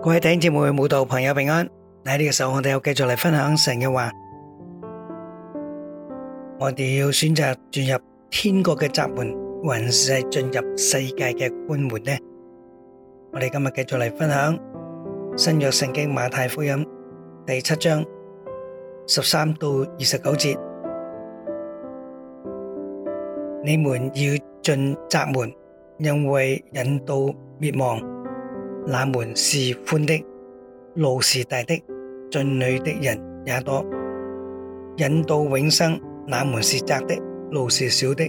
各位弟兄姊妹、信徒朋友平安，喺呢個時候我哋又繼續嚟分享神嘅話，我哋要選擇進入天國嘅閘門，還是係進入世界嘅寬門呢？我哋今日繼續嚟分享新約聖經馬太福音第七章十三到二十九節，你們要進閘門，因為引導滅亡。那門是寬的，路是大的，進去的人也多；引到永生，那門是窄的，路是小的，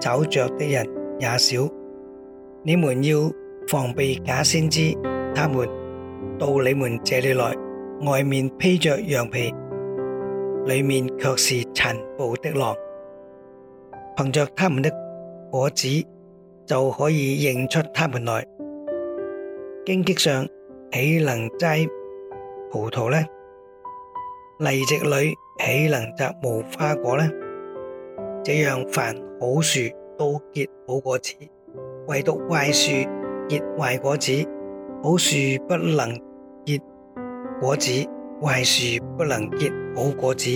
走着的人也少。你們要防備假先知，他們到你們這裏來，外面披着羊皮，裏面卻是殘暴的狼。憑着他們的果子，就可以認出他們來。荊棘上豈能摘葡萄呢？蒺藜裏豈能摘無花果呢？這樣，凡好樹都結好果子，唯獨壞樹結壞果子。好樹不能結果子，壞樹不能結好果子。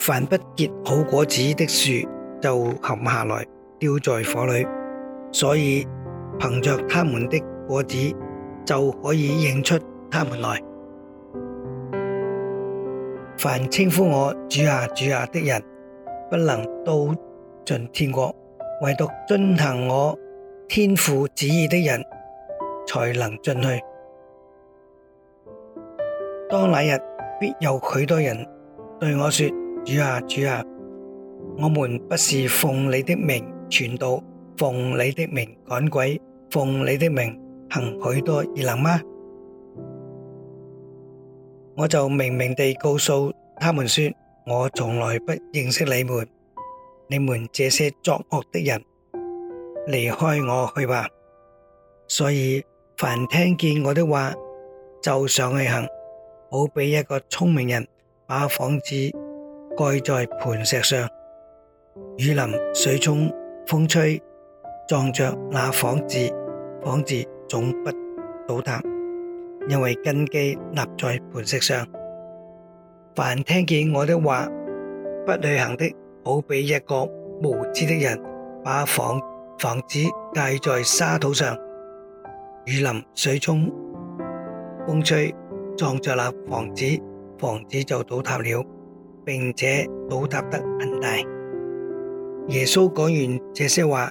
凡不結好果子的樹就砍下來，丟在火裏。所以，憑着他們的果子，就可以認出他們來。凡稱呼我主啊主啊的人，不能都進天國，唯獨遵行我天父旨意的人，才能進去。當那日，必有許多人對我說：「主啊主啊，我們不是奉你的名傳道？奉你的名趕鬼，奉你的名行許多異能嗎？我就明明地告訴他們說：我從來不認識你們，你們這些作惡的人，離開我去吧！所以凡聽見我的話就上去行，好比一個聰明人把房子蓋在磐石上，雨淋、水沖、風吹。撞着那房子，房子總不倒塌，因為根基立在磐石上。凡聽見我的話不履行的，好比一個無知的人，把房房子蓋在沙土上。雨淋、水沖、風吹，撞着那房子，房子就倒塌了，並且倒塌得很大。耶穌講完這些話。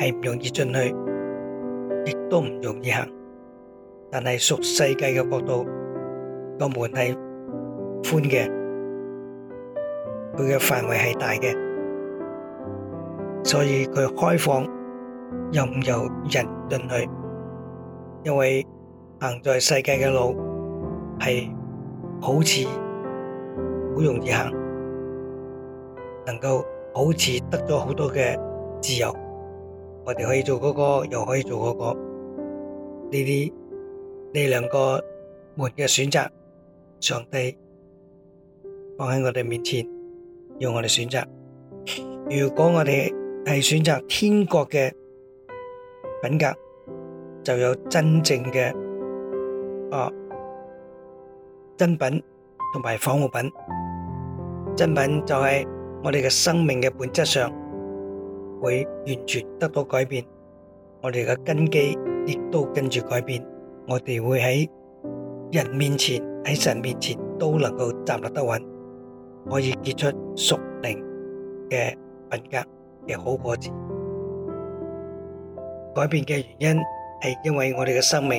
係唔容易進去，亦都唔容易行。但係屬世界嘅角度，個門係寬嘅，佢嘅範圍係大嘅，所以佢開放又唔由人進去。因為行在世界嘅路，係好似好容易行，能夠好似得咗好多嘅自由。我哋可以做嗰個，又可以做嗰個，呢啲，呢兩個門嘅選擇，上帝放喺我哋面前，要我哋選擇。如果我哋係選擇天國嘅品格，就有真正嘅哦、啊、真品同埋仿物品。真品就喺我哋嘅生命嘅本質上。會完全得到改變，我哋嘅根基亦都跟住改變，我哋會喺人面前、喺神面前都能夠站立得穩，可以結出屬靈嘅品格嘅好果子。改變嘅原因係因為我哋嘅生命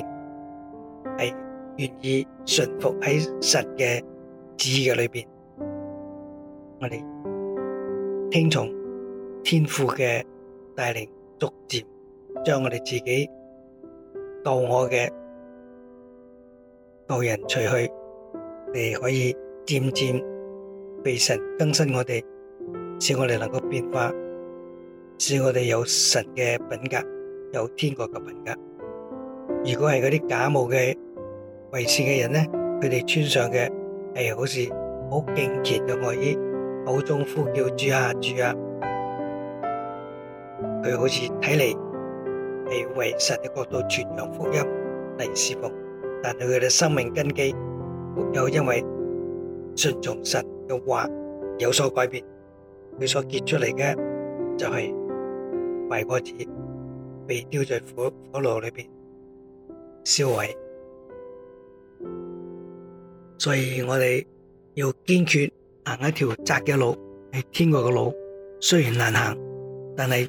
係願意順服喺神嘅旨意嘅裏面，我哋聽從。天父嘅帶領，逐漸將我哋自己到我嘅道人除去，嚟，可以漸漸被神更新我哋，使我哋能夠變化，使我哋有神嘅品格，有天國嘅品格。如果係嗰啲假冒嘅為善嘅人咧，佢哋穿上嘅係好似好敬虔嘅外衣，口中呼叫主啊主啊。佢好似睇嚟係為神嘅角度傳揚福音嚟事奉，但係佢嘅生命根基沒有因為順從神嘅話有所改變，佢所結出嚟嘅就係壞果子，被丟在火火爐裏面燒毀。所以我哋要堅決行一條窄嘅路，係天國嘅路，雖然難行，但係。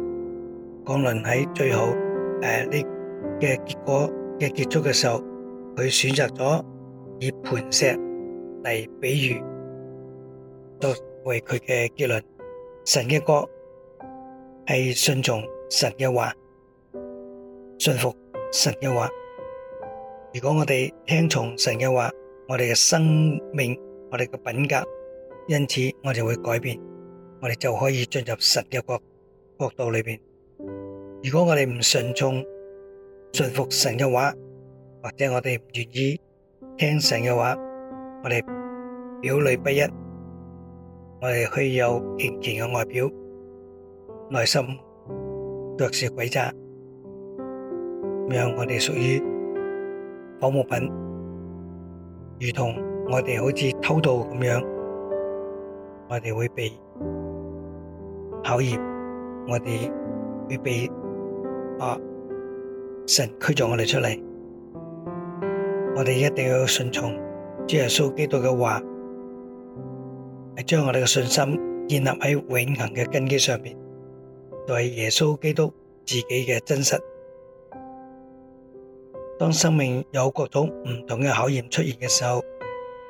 講論喺最後誒，呢嘅結果嘅結束嘅時候，佢選擇咗以磐石嚟比喻，作為佢嘅結論。神嘅國係信從神嘅話，信服神嘅話。如果我哋聽從神嘅話，我哋嘅生命、我哋嘅品格，因此我哋會改變，我哋就可以進入神嘅國國度裏邊。如果我哋唔順從、順服神嘅話，或者我哋唔願意聽神嘅話，我哋表裏不一，我哋會有虔誠嘅外表，內心卻是詭詐，咁樣我哋屬於仿冒品，如同我哋好似偷渡咁樣，我哋會被考驗，我哋會被。啊、神驅動我哋出嚟，我哋一定要順從主耶穌基督嘅話，係將我哋嘅信心建立喺永恒嘅根基上面。就係耶穌基督自己嘅真實。當生命有各種唔同嘅考驗出現嘅時候，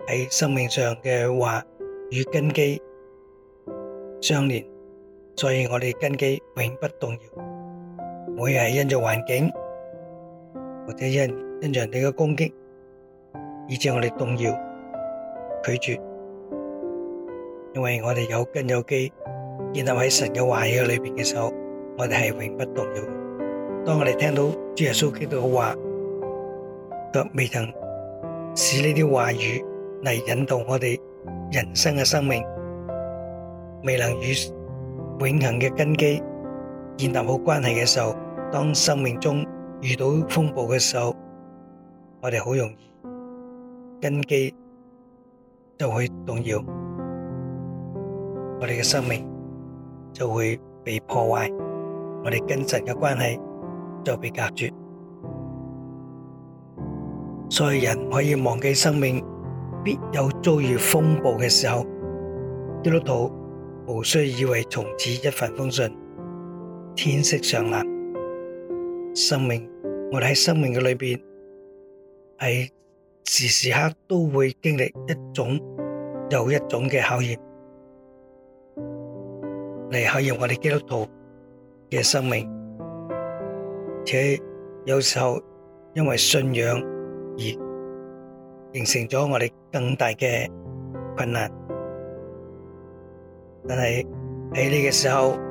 喺生命上嘅話與根基相連，所以我哋根基永不動搖。我亦係因着環境，或者因因着人嘅攻擊，以致我哋動搖、拒絕。因為我哋有根有基，建立喺神嘅話語裏面嘅時候，我哋係永不動搖。當我哋聽到主耶穌基督嘅話，却未曾使呢啲話語嚟引導我哋人生嘅生命，未能與永恆嘅根基。建立好關係嘅時候，當生命中遇到風暴嘅時候，我哋好容易根基就會動搖，我哋嘅生命就會被破壞，我哋跟神嘅關係就被隔絕。所以人可以忘記生命必有遭遇風暴嘅時候，基督徒無須以為從此一帆風順。天色常藍，生命，我哋喺生命嘅裏邊，係時時刻都會經歷一種又一種嘅考驗，嚟考驗我哋基督徒嘅生命。且有時候因為信仰而形成咗我哋更大嘅困難，但係喺呢個時候。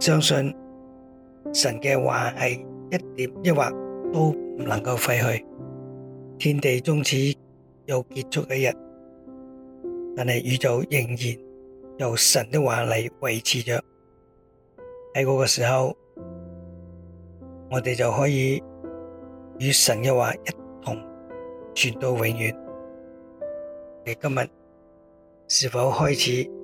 相信神嘅話係一點一劃都唔能夠廢去，天地終始終止又結束嘅日，但係宇宙仍然由神嘅話嚟維持着。喺嗰個時候，我哋就可以與神嘅話一同傳到永遠。你今日是否開始？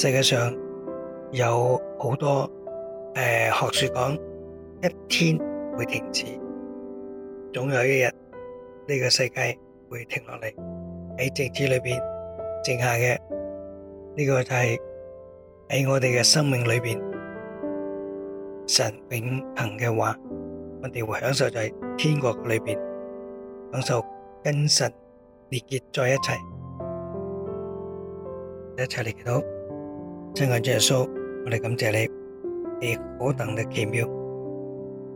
世界上有好多誒、呃，學說講一天會停止，總有一日呢、這個世界會停落嚟。喺靜止裏邊靜下嘅呢、這個就係喺我哋嘅生命裏邊神永恒嘅話，我哋會享受在天國裏邊享受跟神連結在一齊，一齊嚟祈禱。親愛的主耶穌，我哋感謝你，你何等嘅奇妙，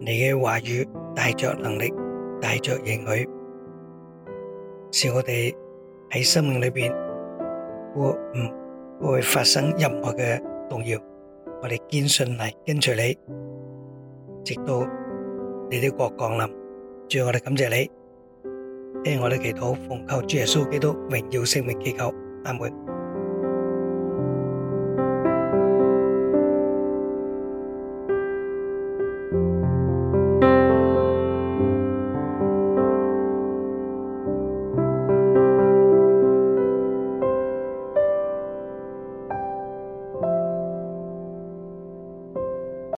你嘅話語帶着能力，帶着應許，使我哋喺生命裏邊，會唔會發生任何嘅動搖。我哋堅信嚟跟隨你，直到你的國降臨。最後，我哋感謝你，聽我哋祈禱，奉靠主耶穌基督榮耀聖名祈求，阿門。